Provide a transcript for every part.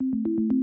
Thank you.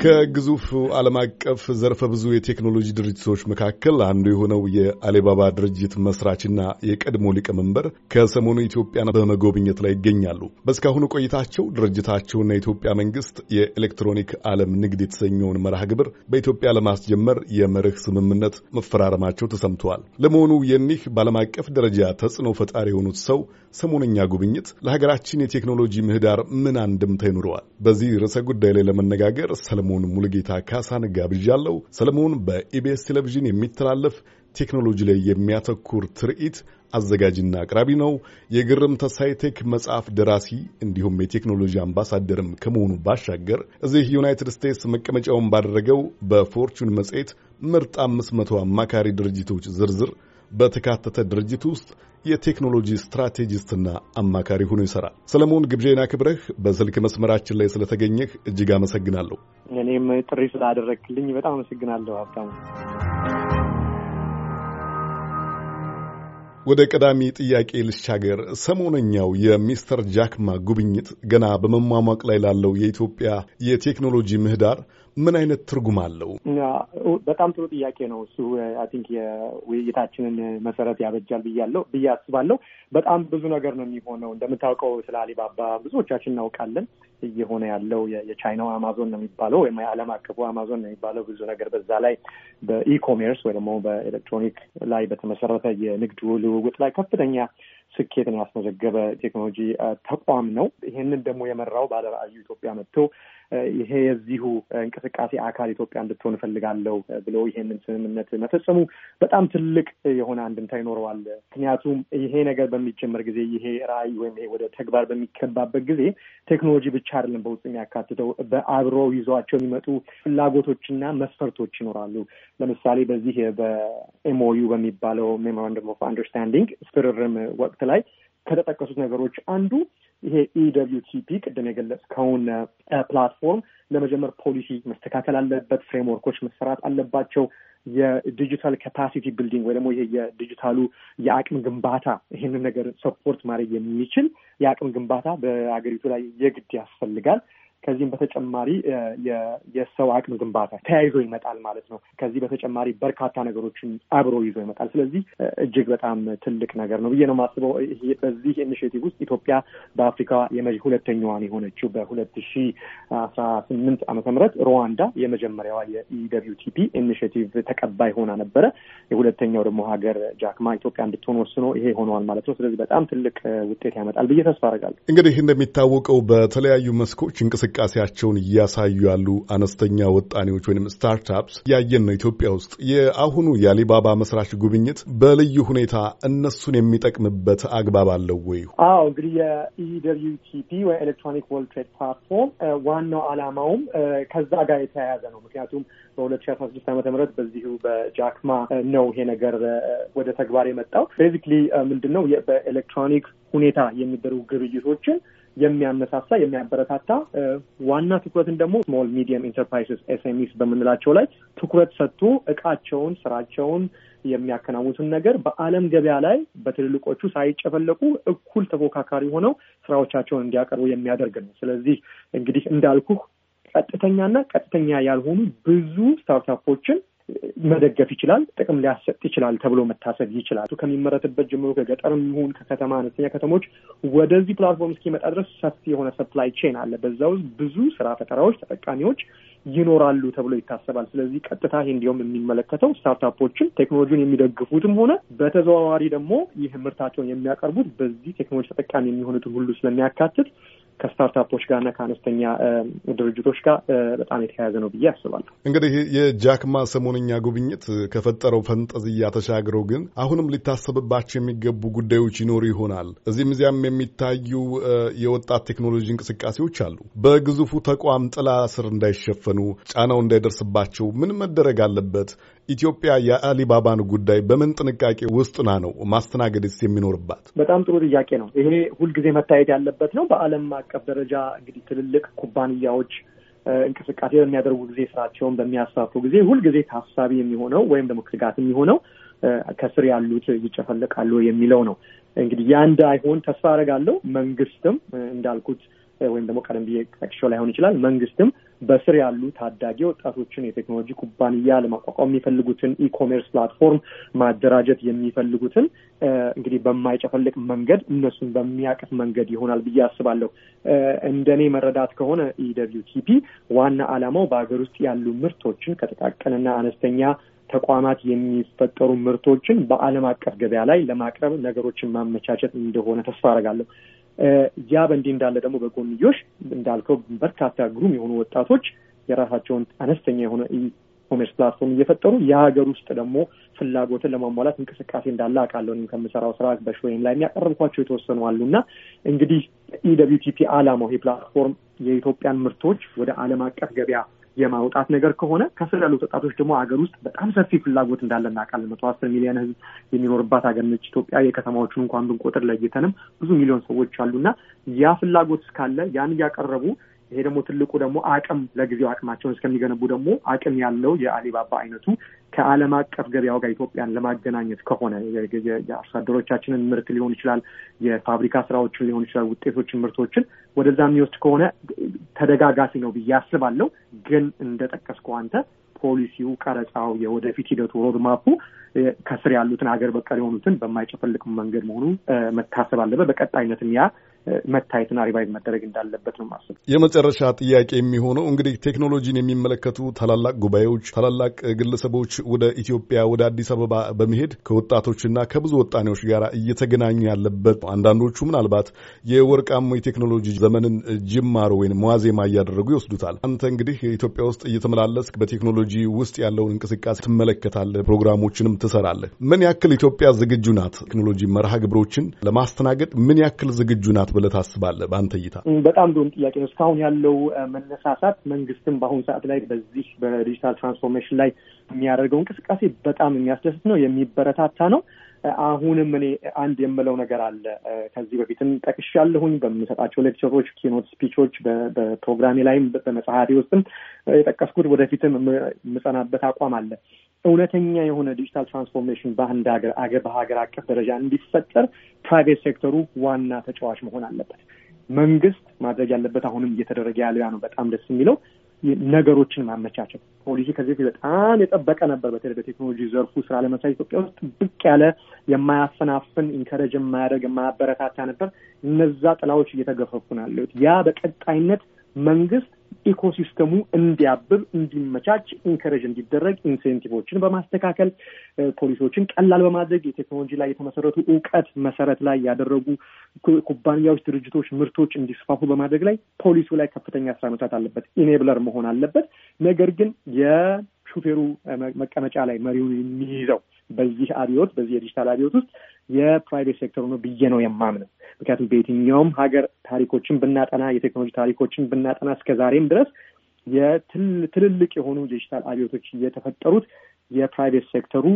ከግዙፍ ዓለም አቀፍ ዘርፈ ብዙ የቴክኖሎጂ ድርጅቶች መካከል አንዱ የሆነው የአሊባባ ድርጅት መስራችና የቀድሞ ሊቀመንበር ከሰሞኑ ኢትዮጵያን በመጎብኘት ላይ ይገኛሉ። በእስካሁኑ ቆይታቸው ድርጅታቸውና የኢትዮጵያ መንግስት የኤሌክትሮኒክ ዓለም ንግድ የተሰኘውን መርሃ ግብር በኢትዮጵያ ለማስጀመር የመርህ ስምምነት መፈራረማቸው ተሰምተዋል። ለመሆኑ የኒህ በዓለም አቀፍ ደረጃ ተጽዕኖ ፈጣሪ የሆኑት ሰው ሰሞነኛ ጉብኝት ለሀገራችን የቴክኖሎጂ ምህዳር ምን አንድምታ ይኑረዋል? በዚህ ርዕሰ ጉዳይ ላይ ለመነጋገር ሰለሞን ሰለሞን ሙልጌታ ካሳን ጋብዣለሁ። ሰለሞን በኢቢኤስ ቴሌቪዥን የሚተላለፍ ቴክኖሎጂ ላይ የሚያተኩር ትርኢት አዘጋጅና አቅራቢ ነው። የግርም ተስፋዬ ቴክ መጽሐፍ ደራሲ እንዲሁም የቴክኖሎጂ አምባሳደርም ከመሆኑ ባሻገር እዚህ ዩናይትድ ስቴትስ መቀመጫውን ባደረገው በፎርቹን መጽሔት ምርጥ አምስት መቶ አማካሪ ድርጅቶች ዝርዝር በተካተተ ድርጅት ውስጥ የቴክኖሎጂ ስትራቴጂስትና አማካሪ ሆኖ ይሰራል። ሰለሞን ግብዣና ክብረህ በስልክ መስመራችን ላይ ስለተገኘህ እጅግ አመሰግናለሁ። እኔም ጥሪ ስላደረግልኝ በጣም አመሰግናለሁ ሀብታሙ። ወደ ቀዳሚ ጥያቄ ልሻገር። ሰሞነኛው የሚስተር ጃክማ ጉብኝት ገና በመሟሟቅ ላይ ላለው የኢትዮጵያ የቴክኖሎጂ ምህዳር ምን አይነት ትርጉም አለው? በጣም ጥሩ ጥያቄ ነው። እሱ አይ ቲንክ የውይይታችንን መሰረት ያበጃል ብያለው ብዬ አስባለሁ። በጣም ብዙ ነገር ነው የሚሆነው። እንደምታውቀው ስለ አሊባባ ብዙዎቻችን እናውቃለን። እየሆነ ያለው የቻይናው አማዞን ነው የሚባለው ወይም የዓለም አቀፉ አማዞን ነው የሚባለው ብዙ ነገር በዛ ላይ በኢኮሜርስ ወይ ደግሞ በኤሌክትሮኒክ ላይ በተመሰረተ የንግድ ልውውጥ ላይ ከፍተኛ ስኬትን ያስመዘገበ ቴክኖሎጂ ተቋም ነው። ይህንን ደግሞ የመራው ባለራዕዩ ኢትዮጵያ መጥቶ ይሄ የዚሁ እንቅስቃሴ አካል ኢትዮጵያ እንድትሆን እፈልጋለሁ ብሎ ይሄንን ስምምነት መፈጸሙ በጣም ትልቅ የሆነ አንድምታ ይኖረዋል። ምክንያቱም ይሄ ነገር በሚጀመር ጊዜ ይሄ ራዕይ ወይም ይሄ ወደ ተግባር በሚከባበት ጊዜ ቴክኖሎጂ ብቻ አይደለም በውስጥ የሚያካትተው በአብሮ ይዟቸው የሚመጡ ፍላጎቶችና መስፈርቶች ይኖራሉ። ለምሳሌ በዚህ በኤምኦዩ በሚባለው ሜሞራንደም ኦፍ አንደርስታንዲንግ ፍርርም ወቅት ላይ ከተጠቀሱት ነገሮች አንዱ ይሄ ኢደብሊው e ቲፒ ቅድም የገለጽከውን ፕላትፎርም ለመጀመር ፖሊሲ መስተካከል አለበት፣ ፍሬምወርኮች መሰራት አለባቸው። የዲጂታል ካፓሲቲ ቢልዲንግ ወይ ደግሞ ይሄ የዲጂታሉ የአቅም ግንባታ ይህንን ነገር ሰፖርት ማድረግ የሚችል የአቅም ግንባታ በአገሪቱ ላይ የግድ ያስፈልጋል። ከዚህም በተጨማሪ የሰው አቅም ግንባታ ተያይዞ ይመጣል ማለት ነው። ከዚህ በተጨማሪ በርካታ ነገሮችን አብሮ ይዞ ይመጣል። ስለዚህ እጅግ በጣም ትልቅ ነገር ነው ብዬ ነው የማስበው። በዚህ ኢኒሽቲቭ ውስጥ ኢትዮጵያ በአፍሪካ ሁለተኛዋን የሆነችው በሁለት ሺ አስራ ስምንት ዓመተ ምህረት ሩዋንዳ የመጀመሪያዋ የኢደብሊውቲፒ ኢኒሽቲቭ ተቀባይ ሆና ነበረ። የሁለተኛው ደግሞ ሀገር ጃክማ ኢትዮጵያ እንድትሆን ወስኖ ይሄ ሆነዋል ማለት ነው። ስለዚህ በጣም ትልቅ ውጤት ያመጣል ብዬ ተስፋ አደርጋለሁ። እንግዲህ እንደሚታወቀው በተለያዩ መስኮች እንቅስቃሴ እንቅስቃሴያቸውን እያሳዩ ያሉ አነስተኛ ወጣኔዎች ወይም ስታርታፕስ ያየን ነው። ኢትዮጵያ ውስጥ የአሁኑ የአሊባባ መስራች ጉብኝት በልዩ ሁኔታ እነሱን የሚጠቅምበት አግባብ አለው ወይ? አዎ እንግዲህ የኢደብዩቲፒ ወይ ኤሌክትሮኒክ ወርልድ ትሬድ ፕላትፎርም ዋናው አላማውም ከዛ ጋር የተያያዘ ነው። ምክንያቱም በሁለት ሺ አስራ ስድስት ዓመተ ምህረት በዚሁ በጃክማ ነው ይሄ ነገር ወደ ተግባር የመጣው። ቤዚክሊ ምንድን ነው በኤሌክትሮኒክ ሁኔታ የሚደረጉ ግብይቶችን የሚያነሳሳ የሚያበረታታ ዋና ትኩረትን ደግሞ ስሞል ሚዲየም ኢንተርፕራይዝስ ኤስኤምኢስ በምንላቸው ላይ ትኩረት ሰጥቶ እቃቸውን፣ ስራቸውን የሚያከናውኑትን ነገር በዓለም ገበያ ላይ በትልልቆቹ ሳይጨፈለቁ እኩል ተፎካካሪ ሆነው ስራዎቻቸውን እንዲያቀርቡ የሚያደርግ ነው። ስለዚህ እንግዲህ እንዳልኩህ ቀጥተኛና ቀጥተኛ ያልሆኑ ብዙ ስታርታፖችን መደገፍ ይችላል፣ ጥቅም ሊያሰጥ ይችላል ተብሎ መታሰብ ይችላል። ከሚመረትበት ጀምሮ ከገጠርም ይሁን ከከተማ አነስተኛ ከተሞች ወደዚህ ፕላትፎርም እስኪመጣ ድረስ ሰፊ የሆነ ሰፕላይ ቼን አለ። በዛ ውስጥ ብዙ ስራ ፈጠራዎች፣ ተጠቃሚዎች ይኖራሉ ተብሎ ይታሰባል። ስለዚህ ቀጥታ ይህ እንዲሁም የሚመለከተው ስታርታፖችን ቴክኖሎጂን የሚደግፉትም ሆነ በተዘዋዋሪ ደግሞ ይህ ምርታቸውን የሚያቀርቡት በዚህ ቴክኖሎጂ ተጠቃሚ የሚሆኑትን ሁሉ ስለሚያካትት ከስታርታፖች ጋርና ከአነስተኛ ድርጅቶች ጋር በጣም የተያያዘ ነው ብዬ አስባለሁ። እንግዲህ የጃክማ ሰሞነኛ ጉብኝት ከፈጠረው ፈንጠዝያ ተሻግረው ግን አሁንም ሊታሰብባቸው የሚገቡ ጉዳዮች ይኖሩ ይሆናል። እዚህም እዚያም የሚታዩ የወጣት ቴክኖሎጂ እንቅስቃሴዎች አሉ። በግዙፉ ተቋም ጥላ ስር እንዳይሸፈኑ፣ ጫናው እንዳይደርስባቸው ምን መደረግ አለበት? ኢትዮጵያ የአሊባባን ጉዳይ በምን ጥንቃቄ ውስጥና ነው ማስተናገድስ የሚኖርባት? በጣም ጥሩ ጥያቄ ነው። ይሄ ሁልጊዜ መታየት ያለበት ነው በዓለም አቀፍ ደረጃ እንግዲህ ትልልቅ ኩባንያዎች እንቅስቃሴ በሚያደርጉ ጊዜ ስራቸውን በሚያስፋፉ ጊዜ ሁልጊዜ ታሳቢ የሚሆነው ወይም ደግሞ ስጋት የሚሆነው ከስር ያሉት ይጨፈለቃሉ የሚለው ነው። እንግዲህ ያ እንዳይሆን ተስፋ አደርጋለሁ። መንግስትም እንዳልኩት ወይም ደግሞ ቀደም ብዬ ጠቅሼው ላይሆን ይችላል። መንግስትም በስር ያሉ ታዳጊ ወጣቶችን የቴክኖሎጂ ኩባንያ ለማቋቋም የሚፈልጉትን ኢኮሜርስ ፕላትፎርም ማደራጀት የሚፈልጉትን እንግዲህ በማይጨፈልቅ መንገድ እነሱን በሚያቅፍ መንገድ ይሆናል ብዬ አስባለሁ። እንደኔ መረዳት ከሆነ ኢደብሊው ዋና ዓላማው በሀገር ውስጥ ያሉ ምርቶችን ከጥቃቅንና አነስተኛ ተቋማት የሚፈጠሩ ምርቶችን በዓለም አቀፍ ገበያ ላይ ለማቅረብ ነገሮችን ማመቻቸት እንደሆነ ተስፋ አደርጋለሁ። ያ በእንዲህ እንዳለ ደግሞ በጎንዮሽ እንዳልከው በርካታ ግሩም የሆኑ ወጣቶች የራሳቸውን አነስተኛ የሆነ ኮሜርስ ፕላትፎርም እየፈጠሩ የሀገር ውስጥ ደግሞ ፍላጎትን ለማሟላት እንቅስቃሴ እንዳለ አውቃለሁ። ከምሰራው ስራ በሾይም ላይ የሚያቀርብኳቸው የተወሰኑ አሉ እና እንግዲህ ኢደብዩቲፒ አላማው ይህ ፕላትፎርም የኢትዮጵያን ምርቶች ወደ ዓለም አቀፍ ገበያ የማውጣት ነገር ከሆነ ከስር ያሉት ወጣቶች ደግሞ ሀገር ውስጥ በጣም ሰፊ ፍላጎት እንዳለ እናውቃለን። መቶ አስር ሚሊዮን ህዝብ የሚኖርባት ሀገር ነች ኢትዮጵያ። የከተማዎቹን እንኳን ብንቆጥር ለይተንም ብዙ ሚሊዮን ሰዎች አሉና ያ ፍላጎት እስካለ ያን እያቀረቡ ይሄ ደግሞ ትልቁ ደግሞ አቅም ለጊዜው አቅማቸውን እስከሚገነቡ ደግሞ አቅም ያለው የአሊባባ አይነቱ ከዓለም አቀፍ ገበያው ጋር ኢትዮጵያን ለማገናኘት ከሆነ የአርሶ አደሮቻችንን ምርት ሊሆን ይችላል፣ የፋብሪካ ስራዎችን ሊሆን ይችላል፣ ውጤቶችን፣ ምርቶችን ወደዛ የሚወስድ ከሆነ ተደጋጋፊ ነው ብዬ አስባለሁ። ግን እንደጠቀስከው አንተ ፖሊሲው፣ ቀረጻው፣ የወደፊት ሂደቱ ሮድማፑ ከስር ያሉትን ሀገር በቀል የሆኑትን በማይጨፈልቅ መንገድ መሆኑ መታሰብ አለበት። በቀጣይነትም ያ መታየትና ሪቫይቭ መደረግ እንዳለበት ነው ማስብ። የመጨረሻ ጥያቄ የሚሆነው እንግዲህ ቴክኖሎጂን የሚመለከቱ ታላላቅ ጉባኤዎች፣ ታላላቅ ግለሰቦች ወደ ኢትዮጵያ ወደ አዲስ አበባ በመሄድ ከወጣቶችና ከብዙ ወጣኔዎች ጋር እየተገናኙ ያለበት አንዳንዶቹ ምናልባት የወርቃሙ የቴክኖሎጂ ዘመንን ጅማሮ ወይም ዋዜማ እያደረጉ ይወስዱታል። አንተ እንግዲህ ኢትዮጵያ ውስጥ እየተመላለስክ በቴክኖሎጂ ውስጥ ያለውን እንቅስቃሴ ትመለከታለህ፣ ፕሮግራሞችንም ትሰራለህ። ምን ያክል ኢትዮጵያ ዝግጁ ናት? ቴክኖሎጂ መርሃ ግብሮችን ለማስተናገድ ምን ያክል ዝግጁ ናት? ብለህ ታስባለህ በአንተ እይታ? በጣም ዶም ጥያቄ ነው። እስካሁን ያለው መነሳሳት መንግስትም በአሁኑ ሰዓት ላይ በዚህ በዲጂታል ትራንስፎርሜሽን ላይ የሚያደርገው እንቅስቃሴ በጣም የሚያስደስት ነው፣ የሚበረታታ ነው። አሁንም እኔ አንድ የምለው ነገር አለ። ከዚህ በፊትም ጠቅሽ ያለሁኝ በምንሰጣቸው ሌክቸሮች፣ ኪኖት ስፒቾች፣ በፕሮግራሜ ላይም በመጽሐፌ ውስጥም የጠቀስኩት ወደፊትም የምጸናበት አቋም አለ። እውነተኛ የሆነ ዲጂታል ትራንስፎርሜሽን በአንድ ሀገር አገር በሀገር አቀፍ ደረጃ እንዲፈጠር ፕራይቬት ሴክተሩ ዋና ተጫዋች መሆን አለበት። መንግስት ማድረግ ያለበት አሁንም እየተደረገ ያለው ያ ነው። በጣም ደስ የሚለው ነገሮችን ማመቻቸት ፖሊሲ ከዚህ በፊት በጣም የጠበቀ ነበር። በተለይ በቴክኖሎጂ ዘርፉ ስራ ለመስራት ኢትዮጵያ ውስጥ ብቅ ያለ የማያፈናፍን ኢንከረጅ የማያደርግ የማያበረታታ ነበር። እነዛ ጥላዎች እየተገፈፉ ናቸው። ያ በቀጣይነት መንግስት ኢኮሲስተሙ እንዲያብብ እንዲመቻች ኢንከሬጅ እንዲደረግ ኢንሴንቲቮችን በማስተካከል ፖሊሲዎችን ቀላል በማድረግ የቴክኖሎጂ ላይ የተመሰረቱ እውቀት መሰረት ላይ ያደረጉ ኩባንያዎች፣ ድርጅቶች፣ ምርቶች እንዲስፋፉ በማድረግ ላይ ፖሊሲው ላይ ከፍተኛ ስራ መስራት አለበት። ኢኔብለር መሆን አለበት። ነገር ግን ሹፌሩ መቀመጫ ላይ መሪውን የሚይዘው በዚህ አብዮት በዚህ የዲጂታል አብዮት ውስጥ የፕራይቬት ሴክተሩ ነው ብዬ ነው የማምነው። ምክንያቱም በየትኛውም ሀገር ታሪኮችን ብናጠና የቴክኖሎጂ ታሪኮችን ብናጠና እስከ ዛሬም ድረስ የትልልቅ የሆኑ ዲጂታል አብዮቶች የተፈጠሩት የፕራይቬት ሴክተሩ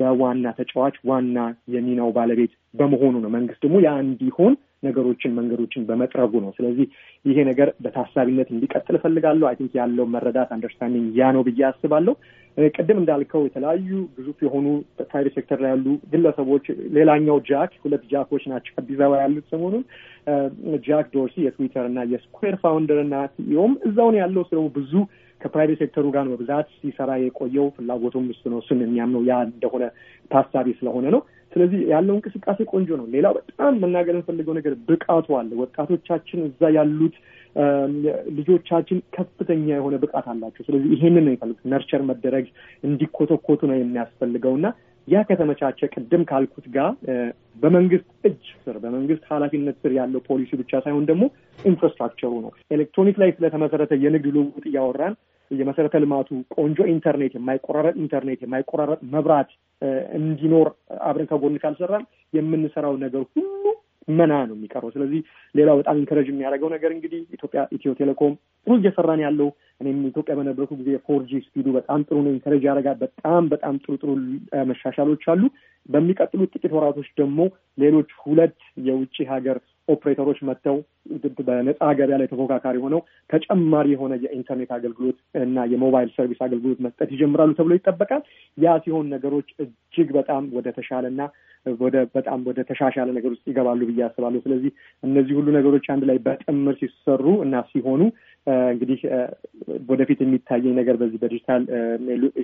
በዋና ተጫዋች ዋና የሚናው ባለቤት በመሆኑ ነው። መንግስት ደግሞ ያ እንዲሆን ነገሮችን መንገዶችን በመጥረጉ ነው። ስለዚህ ይሄ ነገር በታሳቢነት እንዲቀጥል እፈልጋለሁ። አይ ቲንክ ያለው መረዳት አንደርስታንዲንግ ያ ነው ብዬ አስባለሁ። ቅድም እንዳልከው የተለያዩ ግዙፍ የሆኑ ፕራይቬት ሴክተር ላይ ያሉ ግለሰቦች፣ ሌላኛው ጃክ ሁለት ጃኮች ናቸው አዲስ አበባ ያሉት ሰሞኑን። ጃክ ዶርሲ የትዊተር እና የስኩዌር ፋውንደር እና ሲኢኦም እዛውን ያለው ስለ ብዙ ከፕራይቬት ሴክተሩ ጋር በብዛት ሲሰራ የቆየው። ፍላጎቱም እሱ ነው፣ እሱን የሚያምነው ያ እንደሆነ ታሳቢ ስለሆነ ነው። ስለዚህ ያለው እንቅስቃሴ ቆንጆ ነው። ሌላው በጣም መናገር የምፈልገው ነገር ብቃቱ አለ። ወጣቶቻችን እዛ ያሉት ልጆቻችን ከፍተኛ የሆነ ብቃት አላቸው። ስለዚህ ይሄንን ነው የሚፈልጉት። ነርቸር መደረግ እንዲኮተኮቱ ነው የሚያስፈልገው እና ያ ከተመቻቸ ቅድም ካልኩት ጋር በመንግስት እጅ ስር በመንግስት ኃላፊነት ስር ያለው ፖሊሲ ብቻ ሳይሆን ደግሞ ኢንፍራስትራክቸሩ ነው። ኤሌክትሮኒክ ላይ ስለተመሰረተ የንግድ ልውውጥ እያወራን የመሰረተ ልማቱ ቆንጆ ኢንተርኔት፣ የማይቆራረጥ ኢንተርኔት፣ የማይቆራረጥ መብራት እንዲኖር አብረን ከጎን ካልሰራን የምንሰራው ነገር ሁሉ መና ነው የሚቀረው። ስለዚህ ሌላው በጣም ኢንከረጅ የሚያደርገው ነገር እንግዲህ ኢትዮጵያ ኢትዮ ቴሌኮም ጥሩ እየሰራን ያለው እኔም ኢትዮጵያ በነበርኩ ጊዜ የፎርጂ ስፒዱ በጣም ጥሩ ነው፣ ኢንከረጅ ያደርጋል። በጣም በጣም ጥሩ ጥሩ መሻሻሎች አሉ። በሚቀጥሉት ጥቂት ወራቶች ደግሞ ሌሎች ሁለት የውጭ ሀገር ኦፕሬተሮች መጥተው በነፃ ገበያ ላይ ተፎካካሪ ሆነው ተጨማሪ የሆነ የኢንተርኔት አገልግሎት እና የሞባይል ሰርቪስ አገልግሎት መስጠት ይጀምራሉ ተብሎ ይጠበቃል። ያ ሲሆን ነገሮች እጅግ በጣም ወደ ተሻለና ወደ በጣም ወደ ተሻሻለ ነገር ውስጥ ይገባሉ ብዬ አስባለሁ። ስለዚህ እነዚህ ሁሉ ነገሮች አንድ ላይ በጥምር ሲሰሩ እና ሲሆኑ እንግዲህ ወደፊት የሚታየኝ ነገር በዚህ በዲጂታል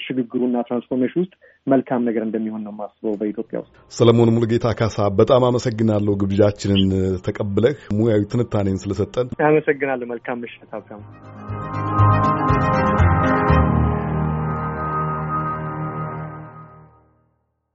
ሽግግሩና ትራንስፎርሜሽን ውስጥ መልካም ነገር እንደሚሆን ነው የማስበው በኢትዮጵያ ውስጥ። ሰለሞን ሙልጌታ ካሳ በጣም አመሰግናለሁ። ግብዣችንን ተቀብለህ ሙያዊ ትንታኔን ስለሰጠን አመሰግናለሁ። መልካም ምሽት ሀብታሙ።